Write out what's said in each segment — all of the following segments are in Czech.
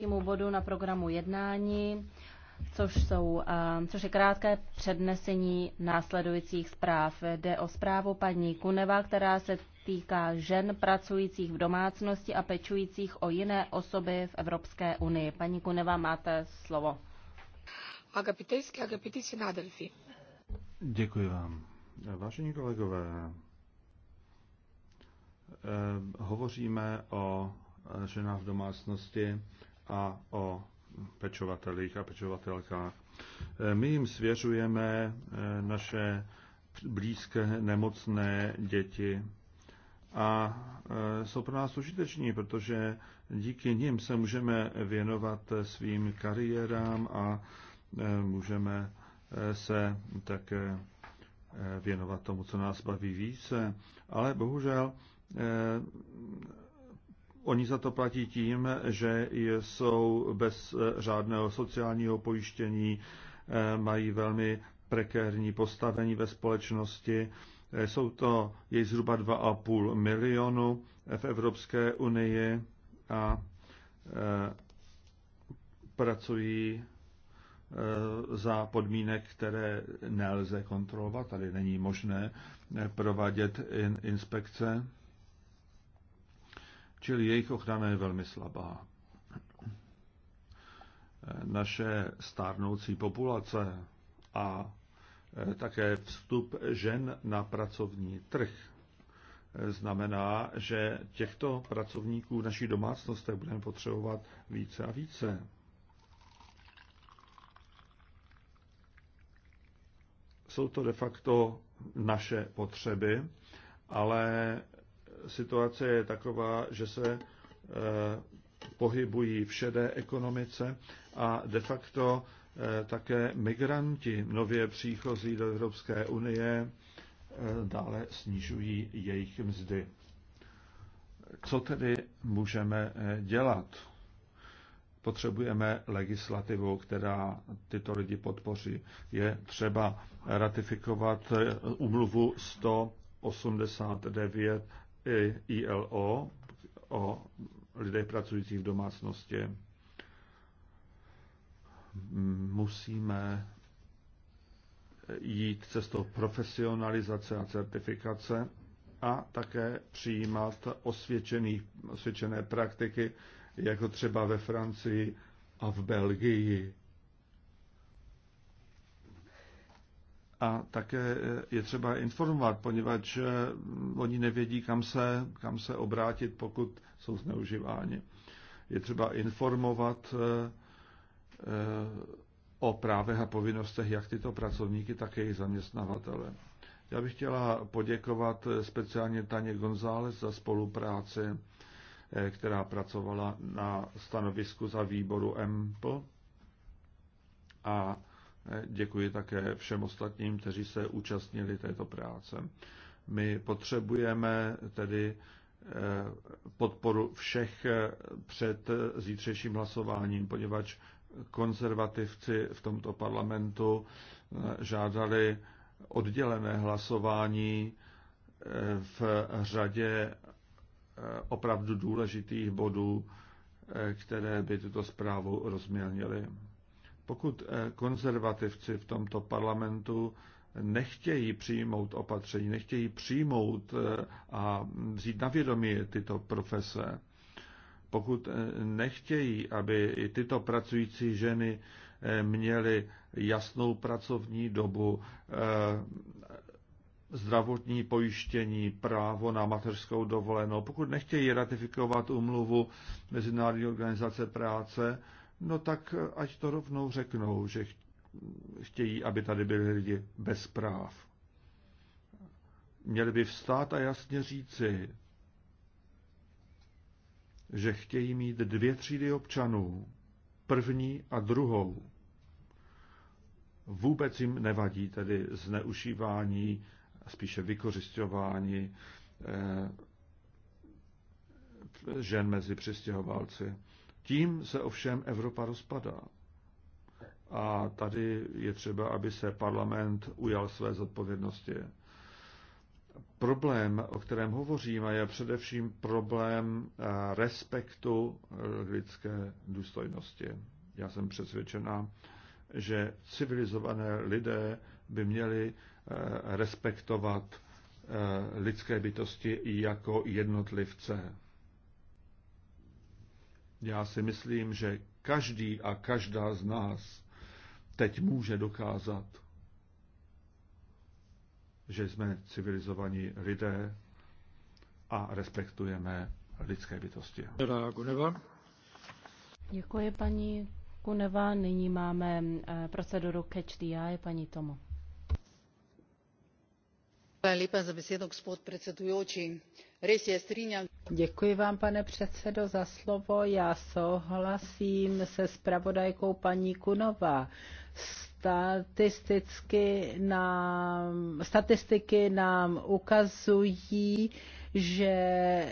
dalšímu bodu na programu jednání, což, jsou, eh, což je krátké přednesení následujících zpráv. Jde o zprávu paní Kuneva, která se týká žen pracujících v domácnosti a pečujících o jiné osoby v Evropské unii. Paní Kuneva, máte slovo. Agapitejsky, agapitici Nadelfi. Děkuji vám. Vážení kolegové, eh, hovoříme o ženách v domácnosti a o pečovatelích a pečovatelkách. E, my jim svěřujeme e, naše blízké nemocné děti a e, jsou pro nás užiteční, protože díky nim se můžeme věnovat svým kariérám a můžeme se také věnovat tomu, co nás baví více. Ale bohužel Oni za to platí tím, že jsou bez eh, řádného sociálního pojištění, eh, mají velmi prekérní postavení ve společnosti. Eh, jsou to jej zhruba 2,5 milionu v Evropské unii a pracují za podmínek, které nelze kontrolovat. Tady není možné provádět inspekce čili jejich ochrana je velmi slabá. Naše stárnoucí populace a e, také vstup žen na pracovní trh e, znamená, že těchto pracovníků v naší domácnostech budeme potřebovat více a více. Jsou to de facto naše potřeby, ale situace je taková, že se eh, pohybují v šedé ekonomice a de facto eh, také migranti nově příchozí do Evropské unie eh, dále snižují jejich mzdy. Co tedy můžeme dělat? Potřebujeme legislativu, která tyto lidi podpoří. Je třeba ratifikovat umluvu 189 E ILO o lidech pracujících v domácnosti. Musíme jít cestou profesionalizace a certifikace a také přijímat osvědčené praktiky, jako třeba ve Francii a v Belgii. a také eh, je třeba informovat, poněvadž eh, oni nevědí, kam se, kam se obrátit, pokud jsou zneužíváni. Je třeba informovat eh, o právech a povinnostech jak tyto pracovníky, tak jejich zaměstnavatele. Já bych chtěla poděkovat speciálně Taně González za spolupráci, která pracovala na stanovisku za výboru MPL. a Děkuji také všem ostatním, kteří se účastnili této práce. My potřebujeme tedy eh, podporu všech eh, před zítřejším hlasováním, poněvadž konzervativci v tomto parlamentu eh, žádali oddělené hlasování v řadě opravdu důležitých bodů, které by tuto zprávu rozmělnily. Pokud eh, konzervativci v tomto parlamentu nechtějí přijmout opatření, nechtějí přijmout eh, a vzít na vědomí tyto profese, pokud eh, nechtějí, aby i tyto pracující ženy měly jasnou pracovní dobu, zdravotní pojištění, právo na mateřskou dovolenou, pokud nechtějí ratifikovat umluvu Mezinárodní organizace práce, no tak ať to rovnou řeknou, že chtějí, aby tady byli lidi bez práv. Měli by vstát a jasně říci, že chtějí mít dvě třídy občanů, první a druhou. Vůbec jim nevadí tedy zneužívání, spíše vykořišťování eh, žen mezi přistěhovalci. Tím se ovšem Evropa rozpadá. A tady je třeba, aby se parlament ujal své zodpovědnosti. Problém, o kterém hovoříme, je především problém eh, respektu eh, lidské důstojnosti. Já jsem přesvědčena, že civilizované lidé by měli eh, respektovat lidské bytosti jako jednotlivce. Já si myslím, že každý a každá z nás teď může dokázat, že jsme civilizovaní lidé a respektujeme lidské bytosti. Děkuji paní Kuneva. Nyní máme eh, proceduru Catch the Eye, paní Tomo. Děkuji vám, pane předsedo, za slovo. Já souhlasím se zpravodajkou paní Kunová. Statisticky nám, statistiky nám ukazují, že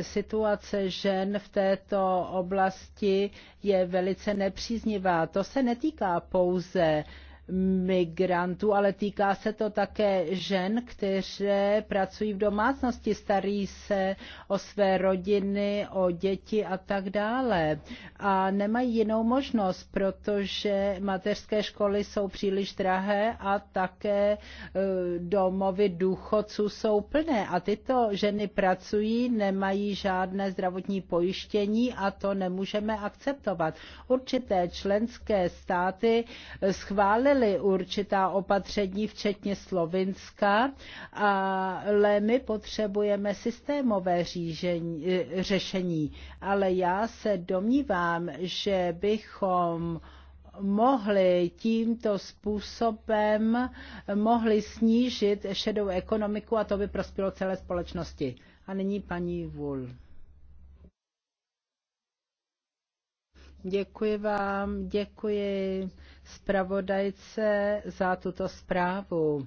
situace žen v této oblasti je velice nepříznivá. To se netýká pouze uh, migrantů, ale týká se to také žen, které pracují v domácnosti, starí se o své rodiny, o děti a tak dále. A nemají jinou možnost, protože mateřské školy jsou příliš drahé a také e, domovy důchodců jsou plné. A tyto ženy pracují, nemají žádné zdravotní pojištění a to nemůžeme akceptovat. Určité členské státy schválily přijeli určitá opatření, včetně Slovinska, ale my potřebujeme systémové řížení, řešení. Ale já se domnívám, že bychom mohli tímto způsobem mohli snížit šedou ekonomiku a to by prospělo celé společnosti. A nyní paní Wool. Děkuji vám, děkuji zpravodajce za tuto zprávu.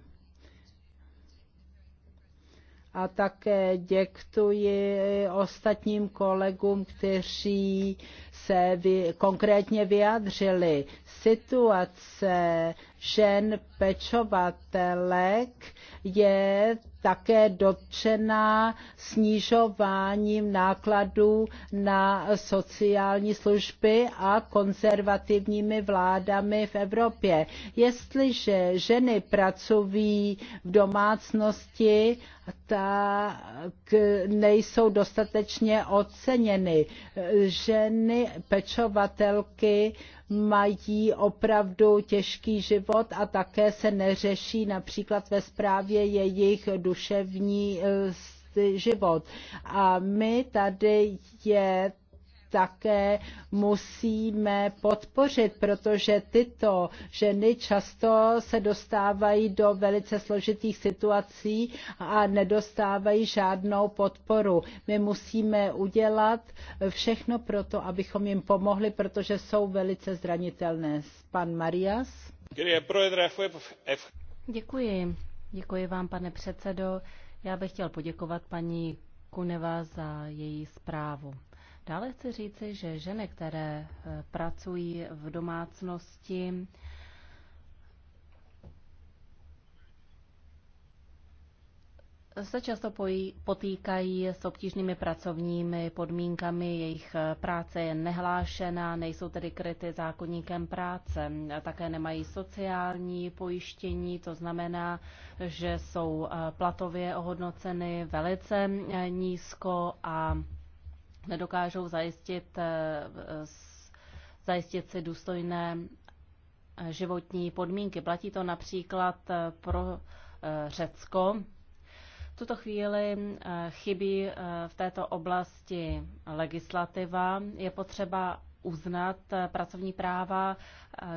A také děkuji ostatním kolegům, kteří se vy, konkrétně vyjádřili. Situace žen pečovatelek je také dotčená snižováním nákladů na sociální služby a konzervativními vládami v Evropě. Jestliže ženy pracují v domácnosti, tak nejsou dostatečně oceněny. Ženy pečovatelky mají opravdu těžký život a také se neřeší například ve zprávě jejich duševní eh, život. A my tady je také musíme podpořit, protože tyto ženy často se dostávají do velice složitých situací a nedostávají žádnou podporu. My musíme udělat všechno pro to, abychom jim pomohli, protože jsou velice zranitelné. Pan Marias. Děkuji. Děkuji vám, pane předsedo. Já bych chtěl poděkovat paní Kuneva za její zprávu. Dále chci říci, že ženy, které eh, pracují v domácnosti, se často potýkají s obtížnými pracovními podmínkami, jejich eh, práce je nehlášená, nejsou tedy kryty zákonníkem práce, také nemají sociální pojištění, to znamená, že jsou eh, platově ohodnoceny velice nízko a nedokážou zajistit, eh, zajistit si důstojné eh, životní podmínky. Platí to například eh, pro Řecko. V tuto chvíli chybí v této oblasti legislativa. Je potřeba uznat eh, pracovní práva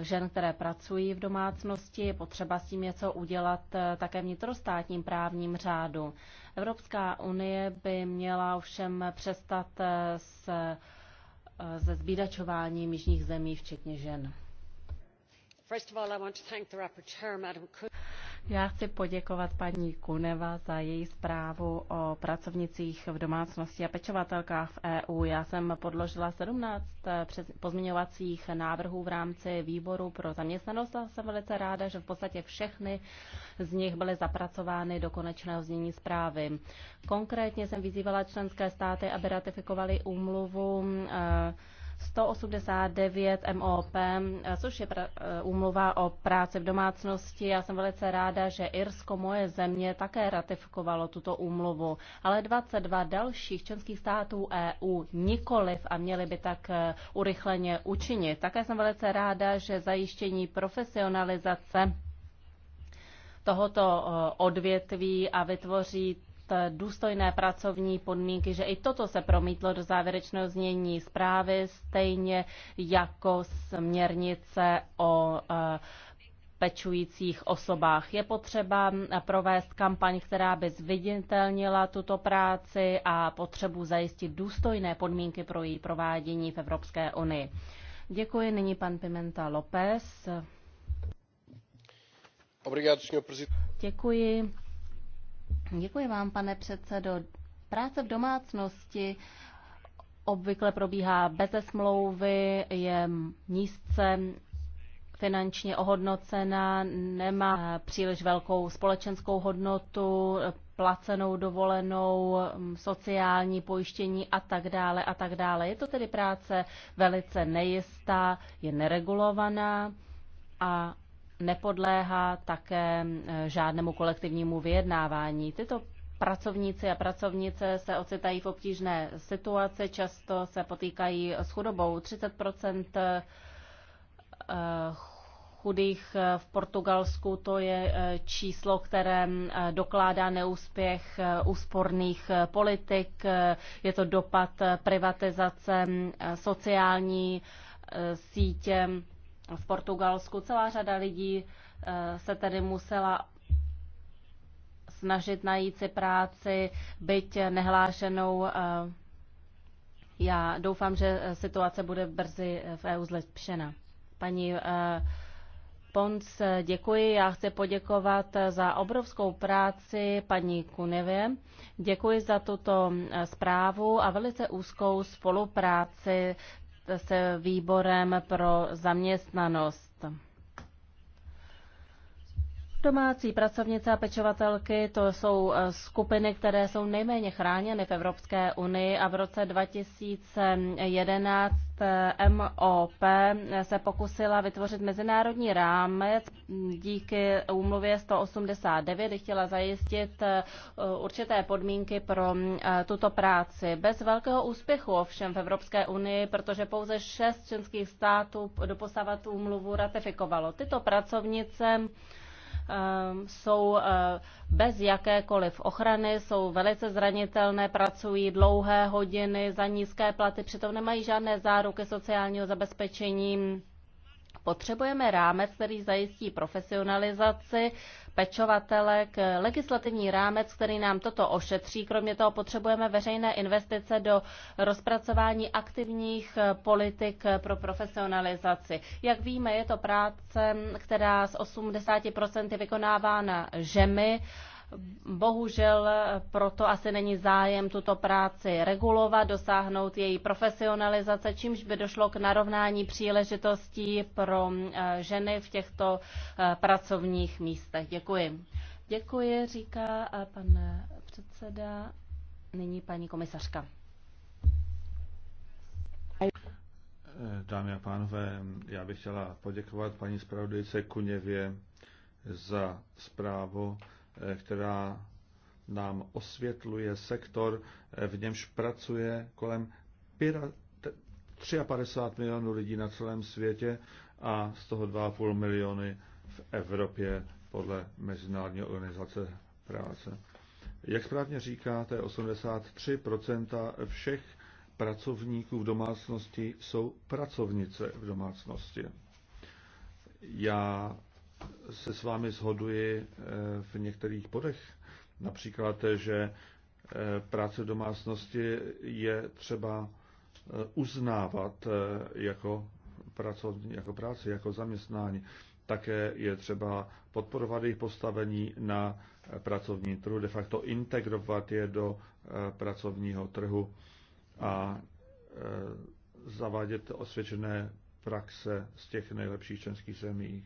eh, žen, které pracují v domácnosti. Je potřeba s tím něco udělat eh, také vnitrostátním právním řádu. Evropská unie by měla ovšem přestat s, se zbídačováním jižních zemí, včetně žen. Já chci poděkovat paní Kuneva za její zprávu o pracovnicích v domácnosti a pečovatelkách v EU. Já jsem podložila 17 eh, pozměňovacích návrhů v rámci výboru pro zaměstnanost a jsem velice ráda, že v podstatě všechny z nich byly zapracovány do konečného znění zprávy. Konkrétně jsem vyzývala členské státy, aby ratifikovali úmluvu eh, 189 MOP, což je úmluva o práci v domácnosti. Já jsem velice ráda, že Irsko, moje země, také ratifikovalo tuto úmluvu, ale 22 dalších členských států EU nikoliv a měli by tak eh, urychleně učinit. Také jsem velice ráda, že zajištění profesionalizace tohoto eh, odvětví a vytvoří Eh, důstojné pracovní podmínky, že i toto se promítlo do závěrečného znění zprávy, stejně jako směrnice o eh, pečujících osobách. Je potřeba eh, provést kampaň, která by zviditelnila tuto práci a potřebu zajistit důstojné podmínky pro její provádění v Evropské unii. Děkuji. Nyní pan Pimenta López. Děkuji. Děkuji vám, pane předsedo. Práce v domácnosti obvykle probíhá beze smlouvy, je nízce finančně ohodnocena, nemá příliš velkou společenskou hodnotu, placenou dovolenou, sociální pojištění a tak dále a tak dále. Je to tedy práce velice nejistá, je neregulovaná a nepodléhá také žádnému kolektivnímu vyjednávání. Tyto pracovníci a pracovnice se ocitají v obtížné situaci, často se potýkají s chudobou. 30 eh, chudých v Portugalsku, to je eh, číslo, které dokládá neúspěch eh, úsporných politik, je to dopad privatizace sociální sítě v Portugalsku. Celá řada lidí eh, se tedy musela snažit najít si práci, byť nehlášenou. Eh, já doufám, že situace bude brzy v EU zlepšena. Paní eh, Pons, děkuji. Já chci poděkovat za obrovskou práci paní Kunevě. Děkuji za tuto zprávu a velice úzkou spolupráci se výborem pro zaměstnanost. Domácí pracovnice a pečovatelky to jsou eh, skupiny, které jsou nejméně chráněny v Evropské unii a v roce 2011 eh, MOP eh, se pokusila vytvořit mezinárodní rámec díky úmluvě 189, chtěla zajistit určité podmínky pro tuto práci. Bez velkého úspěchu ovšem v Evropské unii, protože pouze šest členských států doposavat úmluvu ratifikovalo. Tyto pracovnice Ehm, jsou eh, bez jakékoliv ochrany, jsou velice zranitelné, pracují dlouhé hodiny za nízké platy, přitom nemají žádné záruky sociálního zabezpečení Potřebujeme rámec, který zajistí profesionalizaci pečovatelek, legislativní rámec, který nám toto ošetří. Kromě toho potřebujeme veřejné investice do rozpracování aktivních politik pro profesionalizaci. Jak víme, je to práce, která z 80% je vykonávána žemi Bohužel eh, proto asi není zájem tuto práci regulovat, dosáhnout její profesionalizace, čímž by došlo k narovnání příležitostí pro eh, ženy v těchto eh, pracovních místech. Děkuji. Děkuji, říká pan předseda. Nyní paní komisařka. Dámy a pánové, já bych chtěla poděkovat paní zpravodajce Kuněvě za zprávu Eh, která nám osvětluje sektor, eh, v němž pracuje kolem 53 milionů lidí na celém světě a z toho 2,5 miliony v Evropě podle Mezinárodní organizace práce. Jak správně říkáte, 83% všech pracovníků v domácnosti jsou pracovnice v domácnosti. Já se s vámi shoduji eh, v některých bodech. Například, že eh, práce domácnosti je třeba eh, uznávat jako, pracovní, jako práci, jako zaměstnání. Také je třeba podporovat jejich postavení na pracovní trhu, de facto integrovat je do pracovního trhu a zavádět osvědčené praxe z těch nejlepších členských zemí.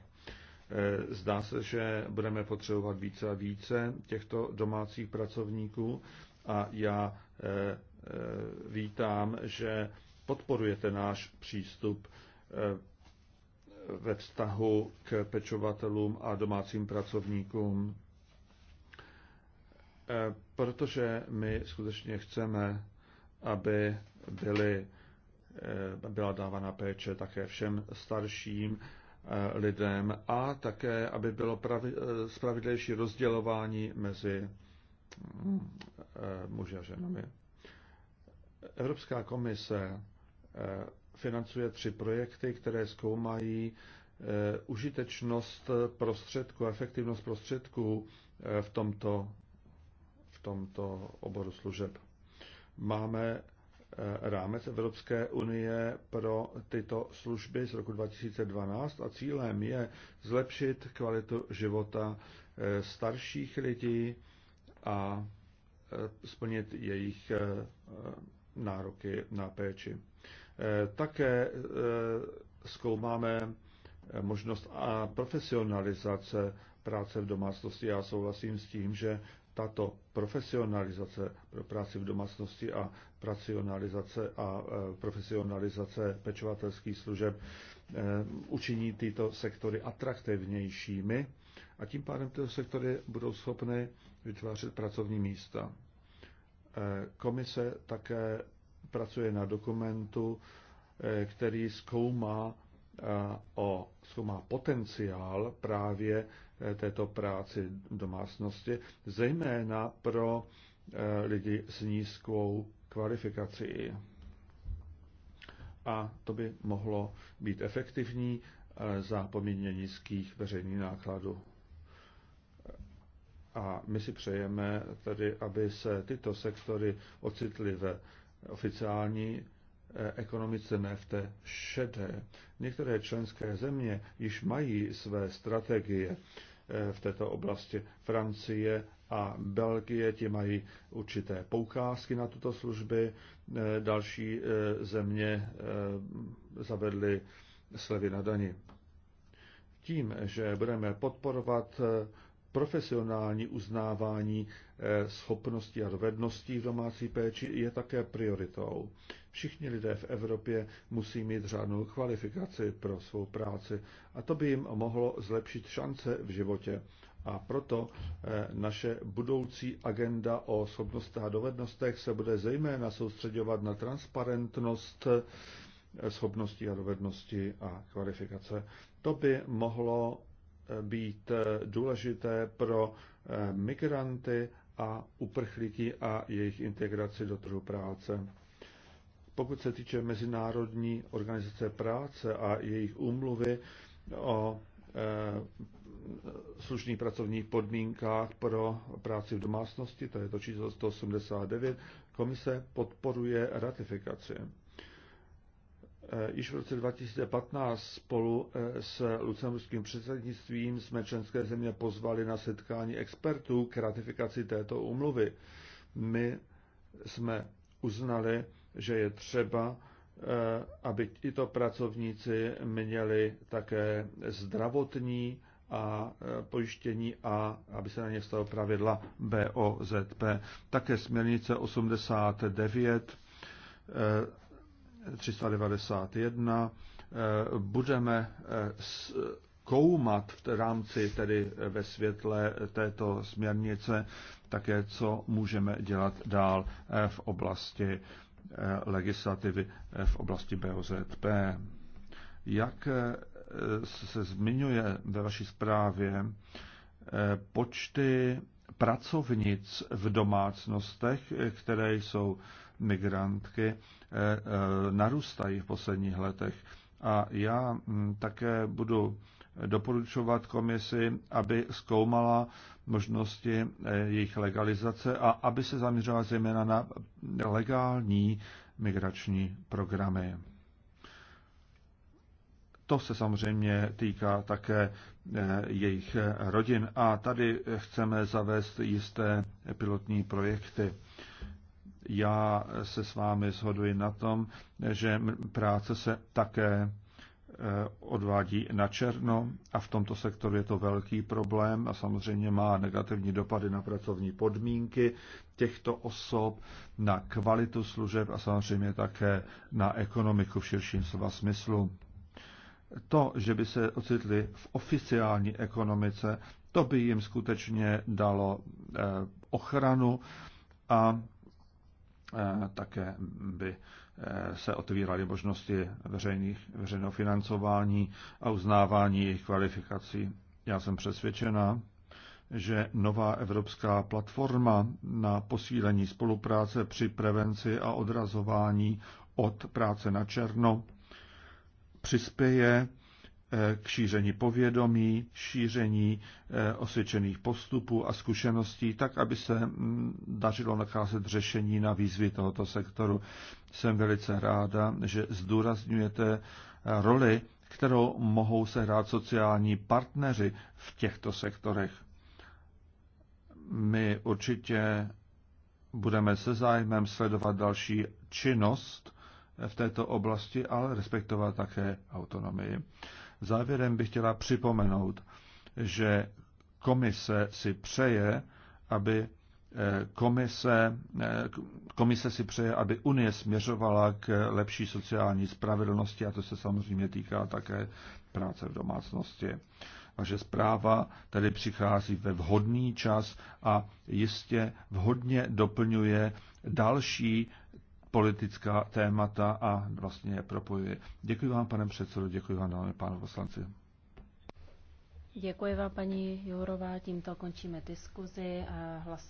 Eh, zdá se, že budeme potřebovat více a více těchto domácích pracovníků a já eh, eh, vítám, že podporujete náš přístup ve vztahu k pečovatelům a domácím pracovníkům, protože my skutečně chceme, aby byly, byla dávána péče také všem starším, Eh, lidem a také, aby bylo pravi, eh, spravedlivější rozdělování mezi mm, eh, muži a ženami. Evropská komise financuje tři projekty, které zkoumají užitečnost prostředků, efektivnost prostředků v tomto, v tomto oboru služeb. Máme Eh, rámec Evropské unie pro tyto služby z roku 2012 a cílem je zlepšit kvalitu života eh, starších lidí a eh, splnit jejich nároky na péči. Také zkoumáme možnost a profesionalizace práce v domácnosti. Já souhlasím s tím, že tato profesionalizace pro práci v domácnosti a profesionalizace a e, profesionalizace pečovatelských služeb e, učiní tyto sektory atraktivnějšími a tím pádem tyto sektory budou schopny vytvářet pracovní místa. E, komise také pracuje na dokumentu, který zkoumá o, co má potenciál právě eh, této práci domácnosti, zejména pro eh, lidi s nízkou kvalifikací. A to by mohlo být efektivní eh, za poměrně nízkých veřejných nákladů. A my si přejeme tedy, aby se tyto sektory ocitly ve oficiální Eh, ekonomice, ne v té šedé. Některé členské země již mají své strategie eh, v této oblasti. Francie a Belgie, ti mají určité poukázky na tuto služby. Eh, další země zavedly slevy na dani. Tím, že budeme podporovat profesionální uznávání eh, schopností a dovedností v domácí péči je také prioritou. Všichni lidé v Evropě musí mít řádnou kvalifikaci pro svou práci a to by jim mohlo zlepšit šance v životě. A proto eh, naše budoucí agenda o schopnostech a dovednostech se bude zejména soustředovat na transparentnost eh, schopnosti a dovednosti a kvalifikace. To by mohlo být eh, důležité pro eh, migranty a uprchlíky a jejich integraci do trhu práce. Pokud se týče Mezinárodní organizace práce a jejich úmluvy o eh, slušných pracovních podmínkách pro práci v domácnosti, to je to číslo 189, komise podporuje ratifikaci. Eh, již v roce 2015 spolu eh, s lucemburským předsednictvím jsme členské země pozvali na setkání expertů k ratifikaci této umluvy. My jsme uznali, že je třeba, eh, aby tyto pracovníci měli také zdravotní a pojištění a aby se na ně stalo pravidla BOZP. Také směrnice 89 391 eh, budeme eh, koumat v rámci tedy eh, ve světle této směrnice také, co můžeme dělat dál v oblasti legislativy, v oblasti BOZP. Jak se zmiňuje ve vaší zprávě, počty pracovnic v domácnostech, které jsou migrantky eh, eh, narůstají v posledních letech. A já hm, také budu doporučovat komisi, aby zkoumala možnosti eh, jejich legalizace a aby se zaměřila zejména na legální migrační programy. To se samozřejmě týká také jejich rodin a tady chceme zavést jisté pilotní projekty. Já se s vámi shoduji na tom, že práce se také e, odvádí na černo a v tomto sektoru je to velký problém a samozřejmě má negativní dopady na pracovní podmínky těchto osob, na kvalitu služeb a samozřejmě také na ekonomiku v širším slova smyslu. To, že by se ocitli v oficiální ekonomice, to by jim skutečně dalo e, ochranu a Eh, také by eh, se otvíraly možnosti veřejných, veřejného financování a uznávání jejich kvalifikací. Já jsem přesvědčena, že nová evropská platforma na posílení spolupráce při prevenci a odrazování od práce na černo přispěje Eh, k šíření povědomí, šíření eh, osvědčených postupů a zkušeností, tak, aby se mm, dařilo nacházet řešení na výzvy tohoto sektoru. Jsem velice ráda, že zdůrazňujete eh, roli, kterou mohou sehrát sociální partneři v těchto sektorech. My určitě budeme se zájmem sledovat další činnost v této oblasti, ale respektovat také autonomii. Závěrem bych chtěla připomenout, že komise si přeje, aby eh, komise, eh, komise si přeje, aby Unie směřovala k lepší sociální spravedlnosti a to se samozřejmě týká také práce v domácnosti. Vaše zpráva tedy přichází ve vhodný čas a jistě vhodně doplňuje další politická témata a vlastně je propojuje. Děkuji vám, pane předsedo, děkuji vám, dámy pánu poslanci. Děkuji vám, paní Jourová. Tímto končíme diskuzi a hlasování.